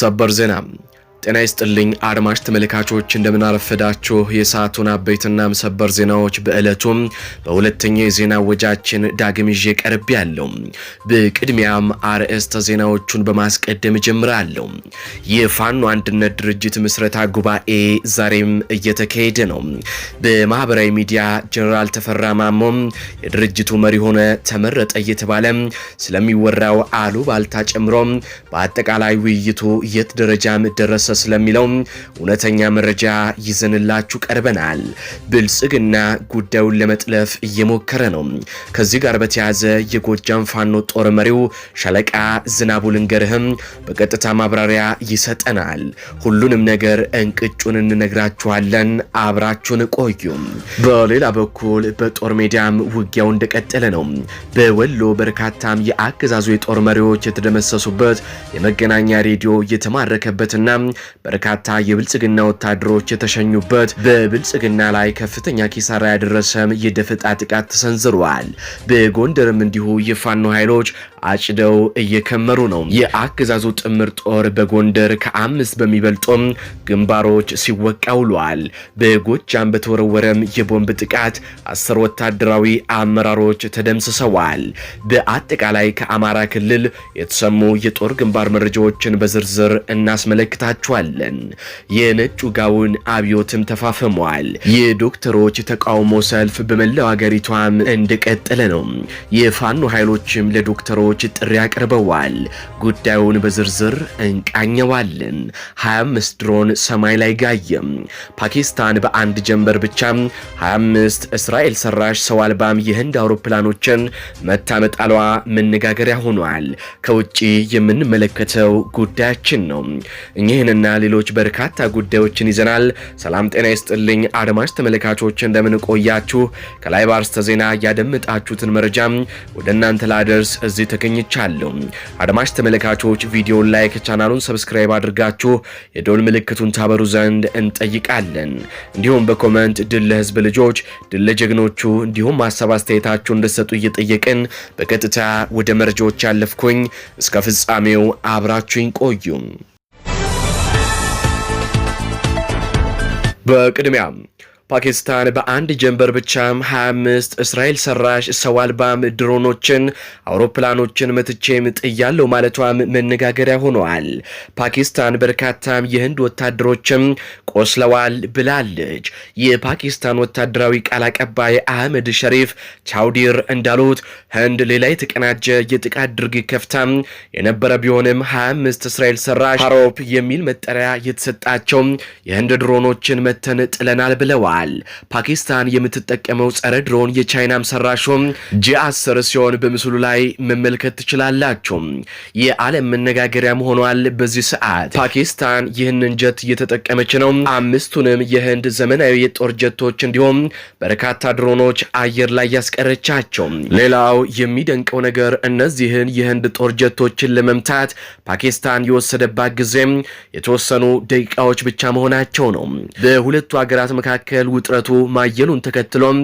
ሰበር ዜና ጤና ይስጥልኝ አድማጭ ተመልካቾች፣ እንደምናረፈዳችሁ የሰዓቱን አበይትና ምሰበር ዜናዎች በዕለቱም በሁለተኛ የዜና ወጃችን ዳግም ይዤ ቀርብ ያለው። በቅድሚያም አርዕስተ ዜናዎቹን በማስቀደም እጀምራለሁ። የፋኖ አንድነት ድርጅት ምስረታ ጉባኤ ዛሬም እየተካሄደ ነው። በማህበራዊ ሚዲያ ጀኔራል ተፈራ ማሞ የድርጅቱ መሪ ሆነ ተመረጠ እየተባለ ስለሚወራው አሉ ጨምሮ በአጠቃላይ ውይይቱ የት ደረጃም ደረሰ እየተባባሰ ስለሚለው እውነተኛ መረጃ ይዘንላችሁ ቀርበናል። ብልጽግና ጉዳዩን ለመጥለፍ እየሞከረ ነው። ከዚህ ጋር በተያያዘ የጎጃም ፋኖ ጦር መሪው ሻለቃ ዝናቡ ልንገርህም በቀጥታ ማብራሪያ ይሰጠናል። ሁሉንም ነገር እንቅጩን እንነግራችኋለን። አብራችሁን ቆዩ። በሌላ በኩል በጦር ሜዳም ውጊያው እንደቀጠለ ነው። በወሎ በርካታም የአገዛዙ የጦር መሪዎች የተደመሰሱበት የመገናኛ ሬዲዮ የተማረከበትና በርካታ የብልጽግና ወታደሮች የተሸኙበት በብልጽግና ላይ ከፍተኛ ኪሳራ ያደረሰም የደፈጣ ጥቃት ተሰንዝሯል። በጎንደርም እንዲሁ የፋኖ ኃይሎች አጭደው እየከመሩ ነው። የአገዛዙ ጥምር ጦር በጎንደር ከአምስት በሚበልጡም ግንባሮች ሲወቃ ውሏል። በጎጃም በተወረወረም የቦምብ ጥቃት አስር ወታደራዊ አመራሮች ተደምስሰዋል። በአጠቃላይ ከአማራ ክልል የተሰሙ የጦር ግንባር መረጃዎችን በዝርዝር እናስመለክታችኋለን። የነጩ ጋውን አብዮትም ተፋፍሟል። የዶክተሮች ተቃውሞ ሰልፍ በመላው አገሪቷም እንደቀጠለ ነው። የፋኖ ኃይሎችም ለዶክተሮች ባለሙያዎች ጥሪ አቅርበዋል። ጉዳዩን በዝርዝር እንቃኘዋለን። 25 ድሮን ሰማይ ላይ ጋየም። ፓኪስታን በአንድ ጀንበር ብቻ 25 እስራኤል ሰራሽ ሰው አልባም የህንድ አውሮፕላኖችን መታመጣሏ መነጋገሪያ ሆኗል። ከውጭ የምንመለከተው ጉዳያችን ነው። እኚህንና ሌሎች በርካታ ጉዳዮችን ይዘናል። ሰላም ጤና ይስጥልኝ አድማጭ ተመልካቾች እንደምን ቆያችሁ? ከላይ ባርስተ ዜና ያደመጣችሁትን መረጃ ወደ እናንተ ላደርስ እዚህ ተገኝቻለሁ። አድማጭ ተመልካቾች ቪዲዮን ላይክ፣ ቻናሉን ሰብስክራይብ አድርጋችሁ የዶል ምልክቱን ታበሩ ዘንድ እንጠይቃለን። እንዲሁም በኮመንት ድል ለህዝብ ልጆች፣ ድል ለጀግኖቹ እንዲሁም ሀሳብ አስተያየታችሁ እንደሰጡ እየጠየቅን በቀጥታ ወደ መረጃዎች ያለፍኩኝ እስከ ፍጻሜው አብራችሁኝ ቆዩ። በቅድሚያም ፓኪስታን በአንድ ጀንበር ብቻም 25 እስራኤል ሰራሽ ሰው አልባም ድሮኖችን አውሮፕላኖችን መትቼም ጥያለው ማለቷም መነጋገሪያ ሆነዋል። ፓኪስታን በርካታም የህንድ ወታደሮችም ቆስለዋል ብላለች። የፓኪስታን ወታደራዊ ቃል አቀባይ አህመድ ሸሪፍ ቻውዲር እንዳሉት ህንድ ሌላ የተቀናጀ የጥቃት ድርጊት ከፍታ የነበረ ቢሆንም 25 እስራኤል ሰራሽ ሀሮፕ የሚል መጠሪያ የተሰጣቸው የህንድ ድሮኖችን መተን ጥለናል ብለዋል። ፓኪስታን የምትጠቀመው ጸረ ድሮን የቻይናም ሰራሹ ጂ10 ሲሆን በምስሉ ላይ መመልከት ትችላላችሁ። የዓለም መነጋገሪያ ሆኗል። በዚህ ሰዓት ፓኪስታን ይህንን ጀት እየተጠቀመች ነው። አምስቱንም የህንድ ዘመናዊ የጦር ጀቶች እንዲሁም በርካታ ድሮኖች አየር ላይ ያስቀረቻቸው ሌላው የሚደንቀው ነገር እነዚህን የህንድ ጦር ጀቶችን ለመምታት ፓኪስታን የወሰደባት ጊዜም የተወሰኑ ደቂቃዎች ብቻ መሆናቸው ነው። በሁለቱ ሀገራት መካከል ውጥረቱ ማየሉን ተከትሎም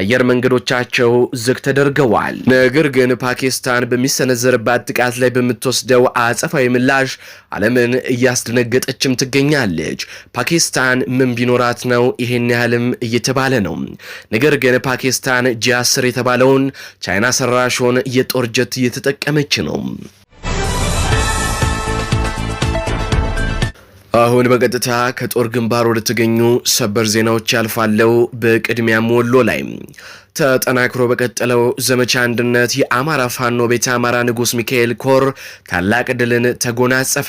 አየር መንገዶቻቸው ዝግ ተደርገዋል። ነገር ግን ፓኪስታን በሚሰነዘርባት ጥቃት ላይ በምትወስደው አጸፋዊ ምላሽ ዓለምን እያስደነገጠችም ትገኛለች። ፓኪስታን ምን ቢኖራት ነው ይሄን ያህልም እየተባለ ነው። ነገር ግን ፓኪስታን ጂ አስር የተባለውን ቻይና ሰራሽን የጦር ጀት እየተጠቀመች ነው። አሁን በቀጥታ ከጦር ግንባር ወደ ተገኙ ሰበር ዜናዎች ያልፋለው። በቅድሚያም ወሎ ላይ ተጠናክሮ በቀጠለው ዘመቻ አንድነት የአማራ ፋኖ ቤተ አማራ ንጉስ ሚካኤል ኮር ታላቅ ድልን ተጎናጸፈ።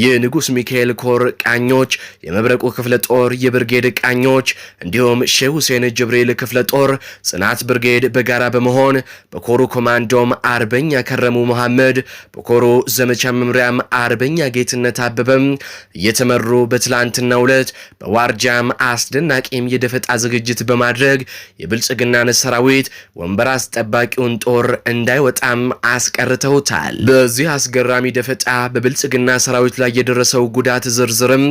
ይህ ንጉስ ሚካኤል ኮር ቃኞች፣ የመብረቁ ክፍለ ጦር የብርጌድ ቃኞች እንዲሁም ሼህ ሁሴን ጅብሪል ክፍለ ጦር ጽናት ብርጌድ በጋራ በመሆን በኮሩ ኮማንዶም አርበኛ ከረሙ መሐመድ በኮሩ ዘመቻ መምሪያም አርበኛ ጌትነት አበበም እየተመሩ በትላንትናው ዕለት በዋርጃም አስደናቂም የደፈጣ ዝግጅት በማድረግ የብልጽግና የሱዳን ሰራዊት ወንበር አስጠባቂውን ጦር እንዳይወጣም አስቀርተውታል። በዚህ አስገራሚ ደፈጣ በብልጽግና ሰራዊት ላይ የደረሰው ጉዳት ዝርዝርም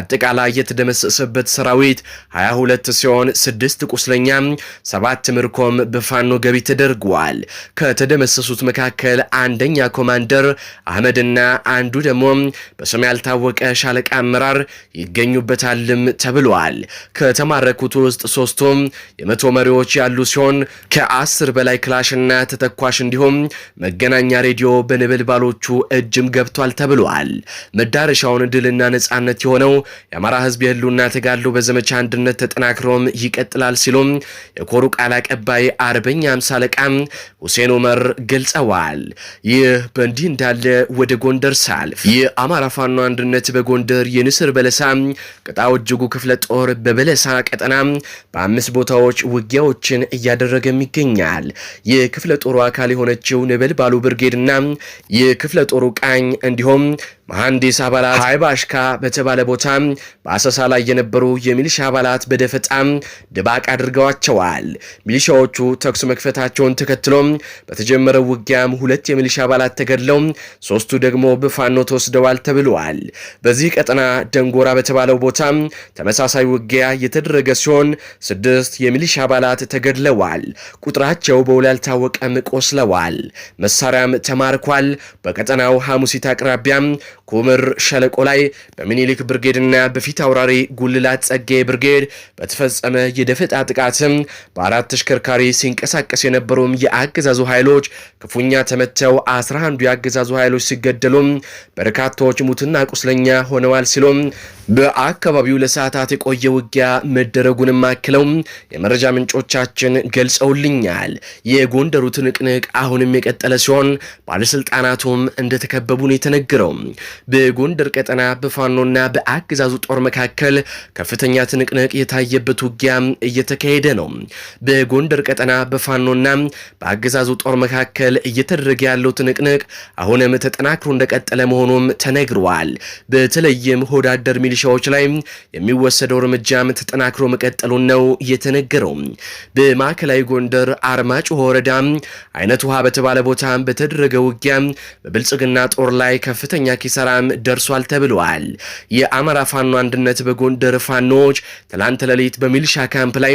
አጠቃላይ የተደመሰሰበት ሰራዊት 22 ሲሆን ስድስት ቁስለኛም ሰባት ምርኮም በፋኖ ገቢ ተደርጓል። ከተደመሰሱት መካከል አንደኛ ኮማንደር አህመድና አንዱ ደግሞ በስም ያልታወቀ ሻለቃ አመራር ይገኙበታልም ተብሏል። ከተማረኩት ውስጥ ሶስቱም የመቶ መሪዎች ያሉ ሲሆን ከአስር በላይ ክላሽና ተተኳሽ እንዲሁም መገናኛ ሬዲዮ በነበልባሎቹ እጅም ገብቷል ተብሏል። መዳረሻውን ድልና ነጻነት የሆነው የአማራ ህዝብ የህልውና ተጋድሎ በዘመቻ አንድነት ተጠናክሮም ይቀጥላል ሲሉም የኮሩ ቃል አቀባይ አርበኛ ሃምሳ ሁሴን ኡመር ገልጸዋል። ይህ በእንዲህ እንዳለ ወደ ጎንደር ሳልፍ የአማራ ፋኖ አንድነት በጎንደር የንስር በለሳ ቅጣው እጅጉ ክፍለ ጦር በበለሳ ቀጠና በአምስት ቦታዎች ውጊያዎች ጥረቶችን እያደረገም ይገኛል። የክፍለ ጦሩ አካል የሆነችው ነበልባሉ ብርጌድና የክፍለ ጦሩ ቃኝ እንዲሁም መሐንዲስ አባላት ሀይብ አሽካ በተባለ ቦታ በአሰሳ ላይ የነበሩ የሚሊሻ አባላት በደፈጣም ድባቅ አድርገዋቸዋል። ሚሊሻዎቹ ተኩስ መክፈታቸውን ተከትሎ በተጀመረው ውጊያም ሁለት የሚሊሻ አባላት ተገድለው ሶስቱ ደግሞ በፋኖ ተወስደዋል ተብለዋል። በዚህ ቀጠና ደንጎራ በተባለው ቦታ ተመሳሳይ ውጊያ የተደረገ ሲሆን ስድስት የሚሊሻ አባላት ተገድለዋል። ቁጥራቸው በውል ያልታወቀም ቆስለዋል። መሳሪያም ተማርኳል። በቀጠናው ሐሙሲት አቅራቢያም ኩምር ሸለቆ ላይ በሚኒሊክ ብርጌድና በፊት አውራሪ ጉልላት ጸጌ ብርጌድ በተፈጸመ የደፈጣ ጥቃትም በአራት ተሽከርካሪ ሲንቀሳቀስ የነበሩም የአገዛዙ ኃይሎች ክፉኛ ተመተው 11 የአገዛዙ ኃይሎች ሲገደሉም በርካታዎች ሙትና ቁስለኛ ሆነዋል ሲሉም በአካባቢው ለሰዓታት የቆየ ውጊያ መደረጉንም አክለው የመረጃ ምንጮቻችን ገልጸውልኛል። የጎንደሩ ትንቅንቅ አሁንም የቀጠለ ሲሆን ባለስልጣናቱም እንደተከበቡ ነው የተነገረው። በጎንደር ቀጠና በፋኖና በአገዛዙ ጦር መካከል ከፍተኛ ትንቅንቅ የታየበት ውጊያ እየተካሄደ ነው። በጎንደር ቀጠና በፋኖና በአገዛዙ ጦር መካከል እየተደረገ ያለው ትንቅንቅ አሁንም ተጠናክሮ እንደቀጠለ መሆኑም ተነግሯል። በተለይም ሆዳደር ሚሊሻዎች ላይ የሚወሰደው እርምጃም ተጠናክሮ መቀጠሉን ነው የተነገረው። በማዕከላዊ ጎንደር አርማጭሆ ወረዳ አይነት ውሃ በተባለ ቦታ በተደረገ ውጊያ በብልጽግና ጦር ላይ ከፍተኛ ኪሳ ኪሳራም ደርሷል ተብለዋል። የአማራ ፋኖ አንድነት በጎንደር ፋኖዎች ትላንት ሌሊት በሚሊሻ ካምፕ ላይ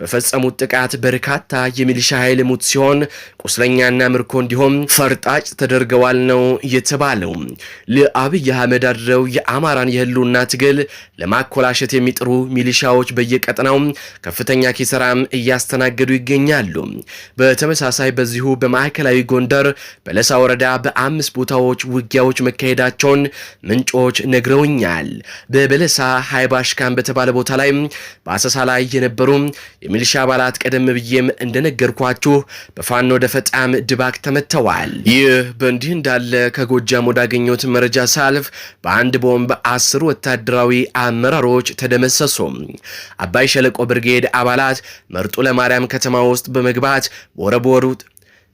በፈጸሙት ጥቃት በርካታ የሚሊሻ ኃይል ሙት ሲሆን ቁስለኛና ምርኮ እንዲሁም ፈርጣጭ ተደርገዋል ነው የተባለው። ለአብይ አህመድ አድረው የአማራን የህልውና ትግል ለማኮላሸት የሚጥሩ ሚሊሻዎች በየቀጠናው ከፍተኛ ኪሳራም እያስተናገዱ ይገኛሉ። በተመሳሳይ በዚሁ በማዕከላዊ ጎንደር በለሳ ወረዳ በአምስት ቦታዎች ውጊያዎች መካሄዳቸው መሆናቸውን ምንጮች ነግረውኛል። በበለሳ ሃይባሽካን በተባለ ቦታ ላይ በአሰሳ ላይ የነበሩ የሚሊሻ አባላት ቀደም ብዬም እንደነገርኳችሁ በፋኖ ደፈጣም ድባቅ ተመተዋል። ይህ በእንዲህ እንዳለ ከጎጃም ወዳገኘሁት መረጃ ሳልፍ በአንድ ቦምብ አስር ወታደራዊ አመራሮች ተደመሰሱ። አባይ ሸለቆ ብርጌድ አባላት መርጡ ለማርያም ከተማ ውስጥ በመግባት ወረቦሩት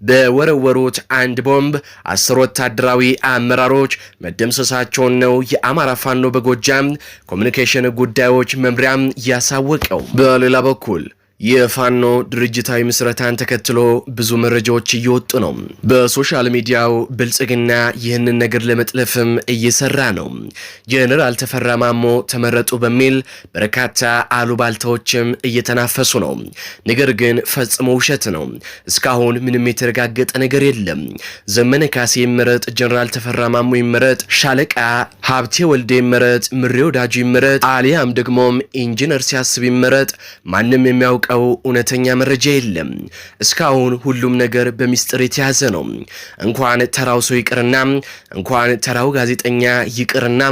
በወረወሩት አንድ ቦምብ አስር ወታደራዊ አመራሮች መደምሰሳቸውን ነው የአማራ ፋኖ በጎጃም ኮሚኒኬሽን ጉዳዮች መምሪያም ያሳወቀው። በሌላ በኩል የፋኖ ድርጅታዊ ምስረታን ተከትሎ ብዙ መረጃዎች እየወጡ ነው። በሶሻል ሚዲያው ብልጽግና ይህንን ነገር ለመጥለፍም እየሰራ ነው። ጀነራል ተፈራ ማሞ ተመረጡ በሚል በርካታ አሉባልታዎችም እየተናፈሱ ነው። ነገር ግን ፈጽሞ ውሸት ነው። እስካሁን ምንም የተረጋገጠ ነገር የለም። ዘመነ ካሴ ይመረጥ፣ ጀነራል ተፈራ ማሞ ይመረጥ፣ ሻለቃ ሀብቴ ወልዴ ይመረጥ፣ ምሬ ወዳጁ ይመረጥ፣ አሊያም ደግሞም ኢንጂነር ሲያስብ ይመረጥ፣ ማንም የሚያውቀው እውነተኛ መረጃ የለም። እስካሁን ሁሉም ነገር በሚስጥር የተያዘ ነው። እንኳን ተራው ሰው ይቅርና እንኳን ተራው ጋዜጠኛ ይቅርና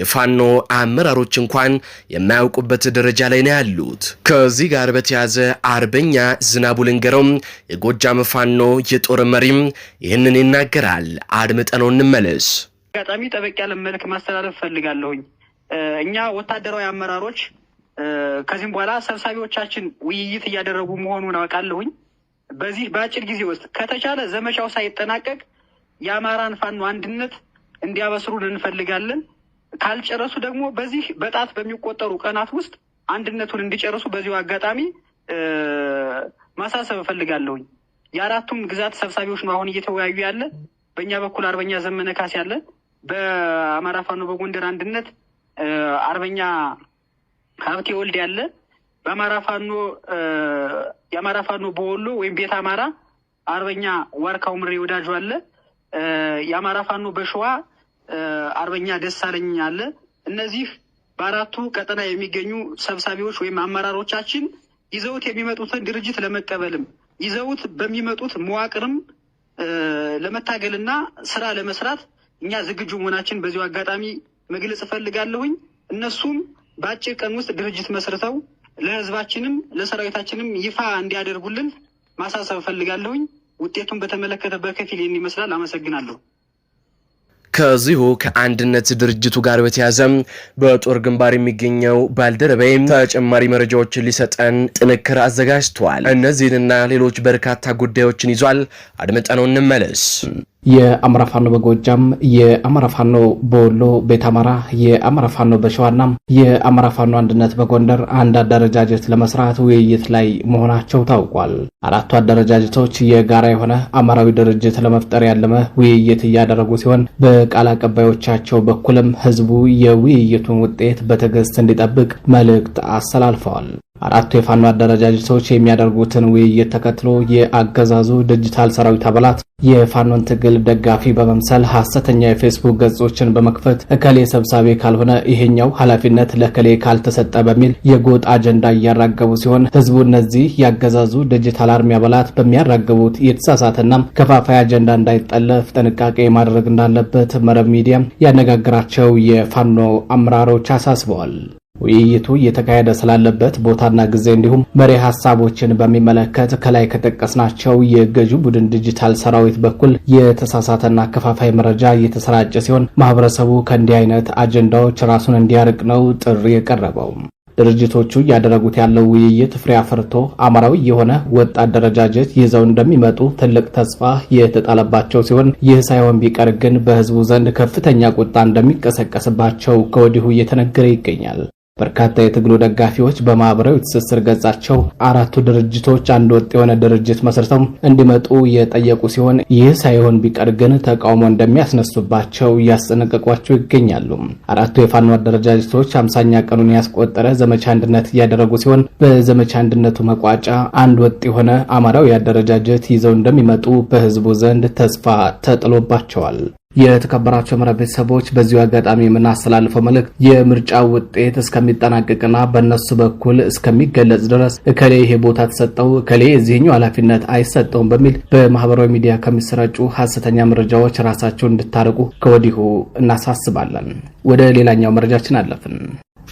የፋኖ አመራሮች እንኳን የማያውቁበት ደረጃ ላይ ነው ያሉት። ከዚህ ጋር በተያዘ አርበኛ ዝናቡ ልንገረው የጎጃም ፋኖ የጦር መሪም ይህንን ይናገራል። አድምጠነው እንመለስ። አጋጣሚ ጠበቅ ያለ መልክ ማስተላለፍ ፈልጋለሁኝ። እኛ ወታደራዊ አመራሮች ከዚህም በኋላ ሰብሳቢዎቻችን ውይይት እያደረጉ መሆኑን አውቃለሁኝ። በዚህ በአጭር ጊዜ ውስጥ ከተቻለ ዘመቻው ሳይጠናቀቅ የአማራን ፋኖ አንድነት እንዲያበስሩን እንፈልጋለን። ካልጨረሱ ደግሞ በዚህ በጣት በሚቆጠሩ ቀናት ውስጥ አንድነቱን እንዲጨርሱ በዚሁ አጋጣሚ ማሳሰብ እፈልጋለሁኝ። የአራቱም ግዛት ሰብሳቢዎች ነው አሁን እየተወያዩ ያለ። በእኛ በኩል አርበኛ ዘመነ ካሴ ያለ በአማራ ፋኖ በጎንደር አንድነት አርበኛ ሀብቴ ወልድ ያለ በአማራ ፋኖ የአማራ ፋኖ በወሎ ወይም ቤት አማራ አርበኛ ዋርካው ምሬ ወዳጁ አለ። የአማራ ፋኖ በሸዋ አርበኛ ደሳለኝ አለ። እነዚህ በአራቱ ቀጠና የሚገኙ ሰብሳቢዎች ወይም አመራሮቻችን ይዘውት የሚመጡትን ድርጅት ለመቀበልም ይዘውት በሚመጡት መዋቅርም ለመታገልና ስራ ለመስራት እኛ ዝግጁ መሆናችን በዚሁ አጋጣሚ መግለጽ እፈልጋለሁኝ። እነሱም በአጭር ቀን ውስጥ ድርጅት መስርተው ለህዝባችንም ለሰራዊታችንም ይፋ እንዲያደርጉልን ማሳሰብ እፈልጋለሁኝ። ውጤቱን በተመለከተ በከፊል ይህን ይመስላል። አመሰግናለሁ። ከዚሁ ከአንድነት ድርጅቱ ጋር በተያዘም በጦር ግንባር የሚገኘው ባልደረባይም ተጨማሪ መረጃዎችን ሊሰጠን ጥንክር አዘጋጅተዋል። እነዚህንና ሌሎች በርካታ ጉዳዮችን ይዟል። አድምጠነው እንመለስ። የአማራ ፋኖ በጎጃም፣ የአማራ ፋኖ በወሎ ቤት አማራ፣ የአማራ ፋኖ በሸዋና የአማራ ፋኖ አንድነት በጎንደር አንድ አደረጃጀት ለመስራት ውይይት ላይ መሆናቸው ታውቋል። አራቱ አደረጃጀቶች የጋራ የሆነ አማራዊ ድርጅት ለመፍጠር ያለመ ውይይት እያደረጉ ሲሆን በቃል አቀባዮቻቸው በኩልም ህዝቡ የውይይቱን ውጤት በትዕግስት እንዲጠብቅ መልእክት አስተላልፈዋል። አራቱ የፋኖ አደረጃጀት ሰዎች የሚያደርጉትን ውይይት ተከትሎ የአገዛዙ ዲጂታል ሰራዊት አባላት የፋኖን ትግል ደጋፊ በመምሰል ሀሰተኛ የፌስቡክ ገጾችን በመክፈት እከሌ ሰብሳቢ ካልሆነ ይሄኛው ኃላፊነት ለከሌ ካልተሰጠ በሚል የጎጥ አጀንዳ እያራገቡ ሲሆን ህዝቡ እነዚህ ያገዛዙ ዲጂታል አርሚ አባላት በሚያራገቡት የተሳሳተና ከፋፋይ አጀንዳ እንዳይጠለፍ ጥንቃቄ ማድረግ እንዳለበት መረብ ሚዲያ ያነጋግራቸው የፋኖ አመራሮች አሳስበዋል። ውይይቱ እየተካሄደ ስላለበት ቦታና ጊዜ እንዲሁም መሪ ሀሳቦችን በሚመለከት ከላይ ከጠቀስናቸው የገዢ ቡድን ዲጂታል ሰራዊት በኩል የተሳሳተና አከፋፋይ መረጃ እየተሰራጨ ሲሆን ማህበረሰቡ ከእንዲህ አይነት አጀንዳዎች ራሱን እንዲያርቅ ነው ጥሪ የቀረበው። ድርጅቶቹ እያደረጉት ያለው ውይይት ፍሬ አፍርቶ አማራዊ የሆነ ወጥ አደረጃጀት ይዘው እንደሚመጡ ትልቅ ተስፋ የተጣለባቸው ሲሆን ይህ ሳይሆን ቢቀር ግን በህዝቡ ዘንድ ከፍተኛ ቁጣ እንደሚቀሰቀስባቸው ከወዲሁ እየተነገረ ይገኛል። በርካታ የትግሉ ደጋፊዎች በማህበራዊ ትስስር ገጻቸው አራቱ ድርጅቶች አንድ ወጥ የሆነ ድርጅት መስርተው እንዲመጡ የጠየቁ ሲሆን ይህ ሳይሆን ቢቀር ግን ተቃውሞ እንደሚያስነሱባቸው እያስጠነቀቋቸው ይገኛሉ። አራቱ የፋኖ አደረጃጀቶች አምሳኛ ቀኑን ያስቆጠረ ዘመቻ አንድነት እያደረጉ ሲሆን በዘመቻ አንድነቱ መቋጫ አንድ ወጥ የሆነ አማራዊ አደረጃጀት ይዘው እንደሚመጡ በህዝቡ ዘንድ ተስፋ ተጥሎባቸዋል። የተከበራቸው መረብ ቤተሰቦች በዚሁ አጋጣሚ የምናስተላልፈው መልእክት የምርጫ ውጤት እስከሚጠናቀቅና በእነሱ በኩል እስከሚገለጽ ድረስ እከሌ ይሄ ቦታ ተሰጠው፣ እከሌ የዚህኛው ኃላፊነት አይሰጠውም በሚል በማህበራዊ ሚዲያ ከሚሰራጩ ሀሰተኛ መረጃዎች ራሳቸውን እንድታርቁ ከወዲሁ እናሳስባለን። ወደ ሌላኛው መረጃችን አለፍን።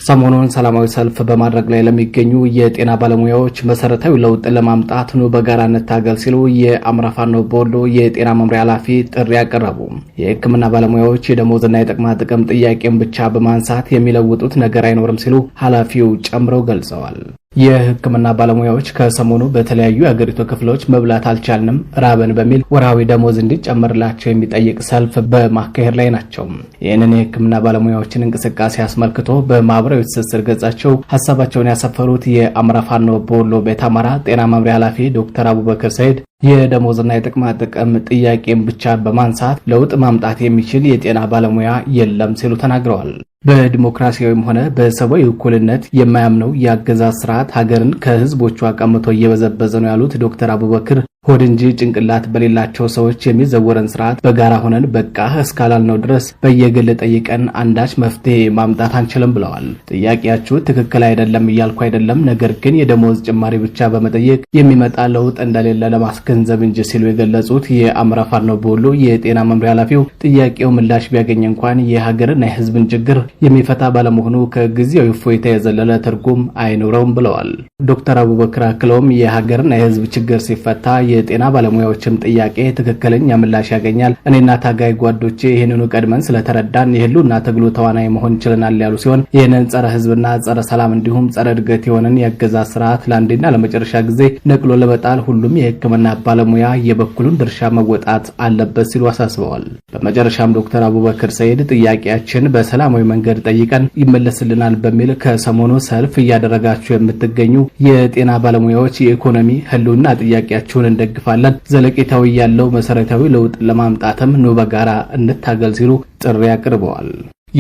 ሰሞኑን ሰላማዊ ሰልፍ በማድረግ ላይ ለሚገኙ የጤና ባለሙያዎች መሰረታዊ ለውጥ ለማምጣት ኑ በጋራ እንታገል ሲሉ የአማራ ፋኖ በወሎ የጤና መምሪያ ኃላፊ ጥሪ አቀረቡ። የሕክምና ባለሙያዎች የደሞዝና የጥቅማ ጥቅም ጥያቄን ብቻ በማንሳት የሚለውጡት ነገር አይኖርም ሲሉ ኃላፊው ጨምረው ገልጸዋል። የሕክምና ባለሙያዎች ከሰሞኑ በተለያዩ የአገሪቱ ክፍሎች መብላት አልቻልንም ራበን በሚል ወርሃዊ ደሞዝ እንዲጨመርላቸው የሚጠይቅ ሰልፍ በማካሄድ ላይ ናቸው። ይህንን የሕክምና ባለሙያዎችን እንቅስቃሴ አስመልክቶ በማህበራዊ ትስስር ገጻቸው ሀሳባቸውን ያሰፈሩት የአማራ ፋኖ በወሎ ቤት አማራ ጤና መምሪያ ኃላፊ ዶክተር አቡበክር ሰይድ የደሞዝና የጥቅማ ጥቅም ጥያቄን ብቻ በማንሳት ለውጥ ማምጣት የሚችል የጤና ባለሙያ የለም ሲሉ ተናግረዋል። በዲሞክራሲያዊም ሆነ በሰብአዊ እኩልነት የማያምነው የአገዛዝ ስርዓት ሀገርን ከህዝቦቿ ቀምቶ እየበዘበዘ ነው ያሉት ዶክተር አቡበክር ሆድ እንጂ ጭንቅላት በሌላቸው ሰዎች የሚዘወረን ስርዓት በጋራ ሆነን በቃ እስካላልነው ድረስ በየግል ጠይቀን አንዳች መፍትሄ ማምጣት አንችልም ብለዋል። ጥያቄያችሁ ትክክል አይደለም እያልኩ አይደለም፣ ነገር ግን የደሞዝ ጭማሪ ብቻ በመጠየቅ የሚመጣ ለውጥ እንደሌለ ለማስገንዘብ እንጂ ሲሉ የገለጹት የአማራ ፋኖ በወሎ የጤና መምሪያ ኃላፊው ጥያቄው ምላሽ ቢያገኝ እንኳን የሀገርና የህዝብን ችግር የሚፈታ ባለመሆኑ ከጊዜያዊ እፎይታ የዘለለ ትርጉም አይኖረውም ብለዋል። ዶክተር አቡበክር አክለውም የሀገርና የህዝብ ችግር ሲፈታ የጤና ባለሙያዎችም ጥያቄ ትክክለኛ ምላሽ ያገኛል። እኔና ታጋይ ጓዶቼ ይህንኑ ቀድመን ስለተረዳን የህልውና ትግሉ ተዋናይ መሆን ችለናል ያሉ ሲሆን ይህንን ጸረ ህዝብና ጸረ ሰላም እንዲሁም ጸረ እድገት የሆነን የገዛ ስርዓት ለአንዴና ለመጨረሻ ጊዜ ነቅሎ ለመጣል ሁሉም የህክምና ባለሙያ የበኩሉን ድርሻ መወጣት አለበት ሲሉ አሳስበዋል። በመጨረሻም ዶክተር አቡበክር ሰይድ ጥያቄያችን በሰላማዊ መንገድ ጠይቀን ይመለስልናል በሚል ከሰሞኑ ሰልፍ እያደረጋችሁ የምትገኙ የጤና ባለሙያዎች የኢኮኖሚ ህልውና ጥያቄያችሁን እንደግፋለን፣ ዘለቄታዊ ያለው መሰረታዊ ለውጥ ለማምጣትም ኑ በጋራ እንታገል ሲሉ ጥሪ አቅርበዋል።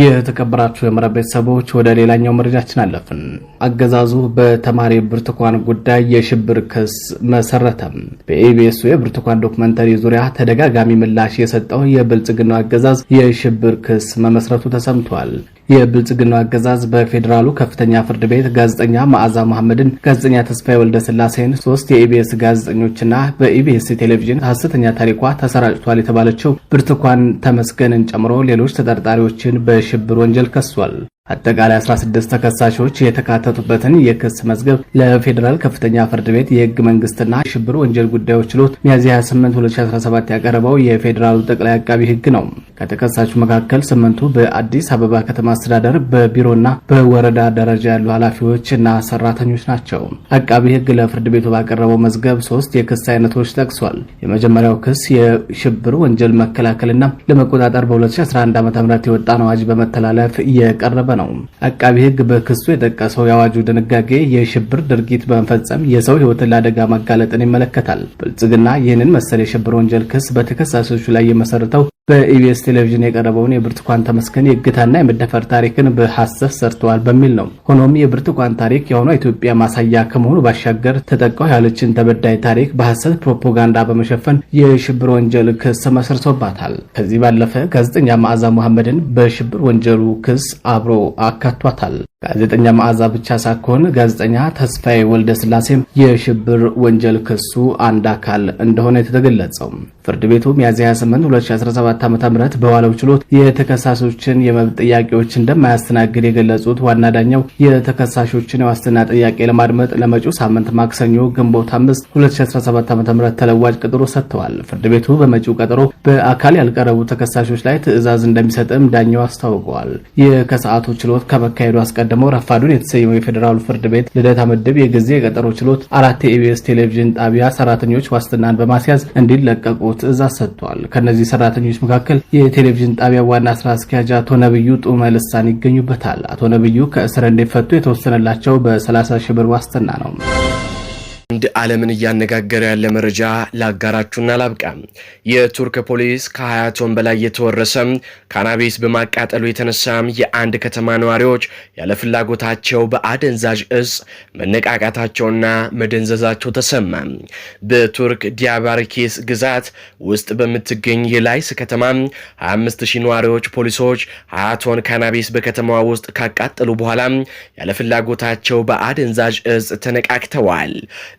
የተከበራችሁ የመረብ ቤተሰቦች ወደ ሌላኛው መረጃችን አለፍን። አገዛዙ በተማሪ ብርቱካን ጉዳይ የሽብር ክስ መሰረተም። በኢቢኤሱ የብርቱካን ዶክመንተሪ ዙሪያ ተደጋጋሚ ምላሽ የሰጠው የብልጽግናው አገዛዝ የሽብር ክስ መመስረቱ ተሰምቷል። የብልጽግና አገዛዝ በፌዴራሉ ከፍተኛ ፍርድ ቤት ጋዜጠኛ መዓዛ መሐመድን፣ ጋዜጠኛ ተስፋዬ ወልደ ስላሴን፣ ሶስት የኢቢኤስ ጋዜጠኞችና በኢቢኤስ ቴሌቪዥን ሀሰተኛ ታሪኳ ተሰራጭቷል የተባለችው ብርቱካን ተመስገንን ጨምሮ ሌሎች ተጠርጣሪዎችን በሽብር ወንጀል ከሷል። አጠቃላይ 16 ተከሳሾች የተካተቱበትን የክስ መዝገብ ለፌዴራል ከፍተኛ ፍርድ ቤት የህግ መንግስትና ሽብር ወንጀል ጉዳዮች ችሎት ሚያዝያ 28 2017 ያቀረበው የፌዴራሉ ጠቅላይ አቃቢ ህግ ነው። ከተከሳሹ መካከል ስምንቱ በአዲስ አበባ ከተማ አስተዳደር በቢሮና በወረዳ ደረጃ ያሉ ኃላፊዎች እና ሰራተኞች ናቸው። አቃቢ ህግ ለፍርድ ቤቱ ባቀረበው መዝገብ ሶስት የክስ አይነቶች ጠቅሷል። የመጀመሪያው ክስ የሽብር ወንጀል መከላከልና ለመቆጣጠር በ2011 ዓ ም የወጣን አዋጅ በመተላለፍ የቀረበ ነው። አቃቢ ሕግ በክሱ የጠቀሰው የአዋጁ ድንጋጌ የሽብር ድርጊት በመፈጸም የሰው ህይወትን ለአደጋ ማጋለጥን ይመለከታል። ብልጽግና ይህንን መሰል የሽብር ወንጀል ክስ በተከሳሾቹ ላይ የመሰረተው በኢቢኤስ ቴሌቪዥን የቀረበውን የብርቱካን ተመስገን የእገታና የመደፈር ታሪክን በሐሰት ሰርተዋል በሚል ነው። ሆኖም የብርቱካን ታሪክ የሆነ ኢትዮጵያ ማሳያ ከመሆኑ ባሻገር ተጠቃው ያለችን ተበዳይ ታሪክ በሐሰት ፕሮፓጋንዳ በመሸፈን የሽብር ወንጀል ክስ መስርቶባታል። ከዚህ ባለፈ ጋዜጠኛ መዓዛ መሐመድን በሽብር ወንጀሉ ክስ አብሮ አካቷታል። ጋዜጠኛ መዓዛ ብቻ ሳይሆን ጋዜጠኛ ተስፋዬ ወልደ ስላሴም የሽብር ወንጀል ክሱ አንድ አካል እንደሆነ የተገለጸው ፍርድ ቤቱ ሚያዝያ 28 2017 ዓ ም በዋለው ችሎት የተከሳሾችን የመብት ጥያቄዎች እንደማያስተናግድ የገለጹት ዋና ዳኛው የተከሳሾችን የዋስትና ጥያቄ ለማድመጥ ለመጪው ሳምንት ማክሰኞ ግንቦት 5 2017 ዓ ም ተለዋጭ ቀጠሮ ሰጥተዋል። ፍርድ ቤቱ በመጪው ቀጠሮ በአካል ያልቀረቡ ተከሳሾች ላይ ትዕዛዝ እንደሚሰጥም ዳኛው አስታውቀዋል። የከሰዓቱ ችሎት ከመካሄዱ አስቀድ ቀደመው ረፋዱን የተሰየመው የፌዴራሉ ፍርድ ቤት ልደታ ምድብ የጊዜ የቀጠሮ ችሎት አራት የኢቢኤስ ቴሌቪዥን ጣቢያ ሰራተኞች ዋስትናን በማስያዝ እንዲለቀቁ ትእዛዝ ሰጥቷል። ከእነዚህ ሰራተኞች መካከል የቴሌቪዥን ጣቢያ ዋና ስራ አስኪያጅ አቶ ነብዩ ጡመ ልሳን ይገኙበታል። አቶ ነብዩ ከእስር እንዲፈቱ የተወሰነላቸው በ30 ሺህ ብር ዋስትና ነው። አንድ ዓለምን እያነጋገረ ያለ መረጃ ላጋራችሁና ላብቃ። የቱርክ ፖሊስ ከ20 ቶን በላይ የተወረሰ ካናቢስ በማቃጠሉ የተነሳም የአንድ ከተማ ነዋሪዎች ያለ ፍላጎታቸው በአደንዛዥ እጽ መነቃቃታቸውና መደንዘዛቸው ተሰማ። በቱርክ ዲያባርኬስ ግዛት ውስጥ በምትገኝ የላይስ ከተማ 25000 ነዋሪዎች ፖሊሶች 20 ቶን ካናቢስ በከተማዋ ውስጥ ካቃጠሉ በኋላ ያለ ፍላጎታቸው በአደንዛዥ እጽ ተነቃቅተዋል።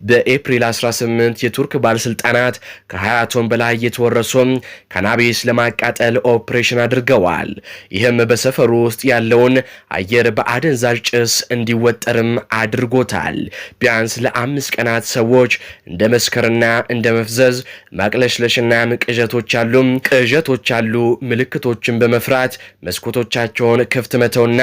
በኤፕሪል 18 የቱርክ ባለስልጣናት ከ20 ቶን በላይ የተወረሱም ካናቢስ ለማቃጠል ኦፕሬሽን አድርገዋል። ይህም በሰፈሩ ውስጥ ያለውን አየር በአደንዛዥ ጭስ እንዲወጠርም አድርጎታል። ቢያንስ ለአምስት ቀናት ሰዎች እንደ መስከርና እንደ መፍዘዝ ማቅለሽለሽና ቅዠቶች አሉ ቅዠቶች አሉ ምልክቶችን በመፍራት መስኮቶቻቸውን ክፍት መተውና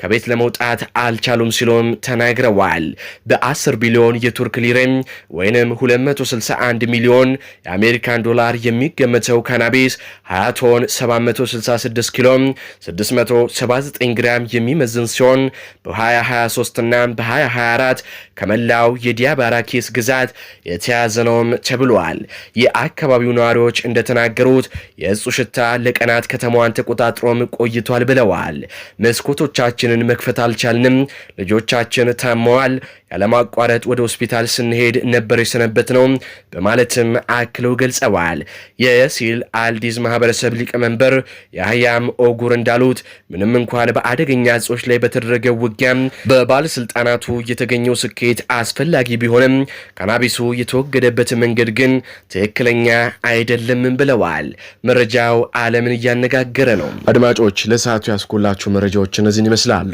ከቤት ለመውጣት አልቻሉም ሲሉም ተናግረዋል። በ10 ቢሊዮን የቱርክ ሊ ሊሬም ወይንም 261 ሚሊዮን የአሜሪካን ዶላር የሚገመተው ካናቢስ 20 ቶን 766 ኪሎ 679 ግራም የሚመዝን ሲሆን በ2023 እና በ2024 ከመላው የዲያባራ ኬስ ግዛት የተያዘ ነውም ተብሏል። የአካባቢው ነዋሪዎች እንደተናገሩት የእጹ ሽታ ለቀናት ከተማዋን ተቆጣጥሮም ቆይቷል ብለዋል። መስኮቶቻችንን መክፈት አልቻልንም፣ ልጆቻችን ታመዋል፣ ያለማቋረጥ ወደ ሆስፒታል ስንሄድ ነበር የሰነበት ነው በማለትም አክለው ገልጸዋል። የሲል አልዲዝ ማህበረሰብ ሊቀመንበር የአህያም ኦጉር እንዳሉት ምንም እንኳን በአደገኛ እጾች ላይ በተደረገው ውጊያ በባለስልጣናቱ የተገኘው ስኬት አስፈላጊ ቢሆንም ካናቢሱ የተወገደበት መንገድ ግን ትክክለኛ አይደለም ብለዋል። መረጃው ዓለምን እያነጋገረ ነው። አድማጮች ለሰዓቱ ያስኮላችሁ መረጃዎች እነዚህን ይመስላሉ።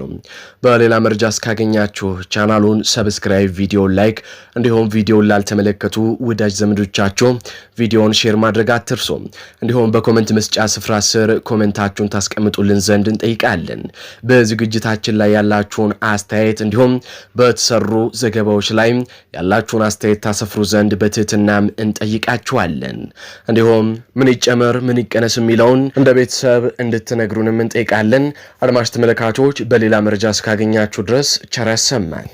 በሌላ መረጃ እስካገኛችሁ ቻናሉን ሰብ ሰብስክራይብ፣ ቪዲዮ ላይክ እንዲሁም ቪዲዮን ላልተመለከቱ ወዳጅ ዘመዶቻቸው ቪዲዮን ሼር ማድረግ አትርሶ። እንዲሁም በኮመንት መስጫ ስፍራ ስር ኮመንታችሁን ታስቀምጡልን ዘንድ እንጠይቃለን። በዝግጅታችን ላይ ያላችሁን አስተያየት እንዲሁም በተሰሩ ዘገባዎች ላይ ያላችሁን አስተያየት ታሰፍሩ ዘንድ በትህትናም እንጠይቃችኋለን። እንዲሁም ምን ይጨመር ምን ይቀነስ የሚለውን እንደ ቤተሰብ እንድትነግሩንም እንጠይቃለን። አድማሽ ተመለካቾች በሌላ መረጃ እስካገኛችሁ ድረስ ቸር ያሰማል።